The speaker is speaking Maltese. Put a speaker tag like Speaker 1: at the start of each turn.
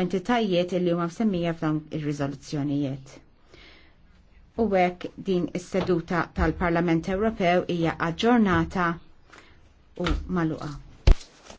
Speaker 1: entitajiet li huma msemmija f'dawn ir-riżoluzzjonijiet. U hekk din is-seduta tal-Parlament Ewropew hija aġġornata
Speaker 2: u maluqa.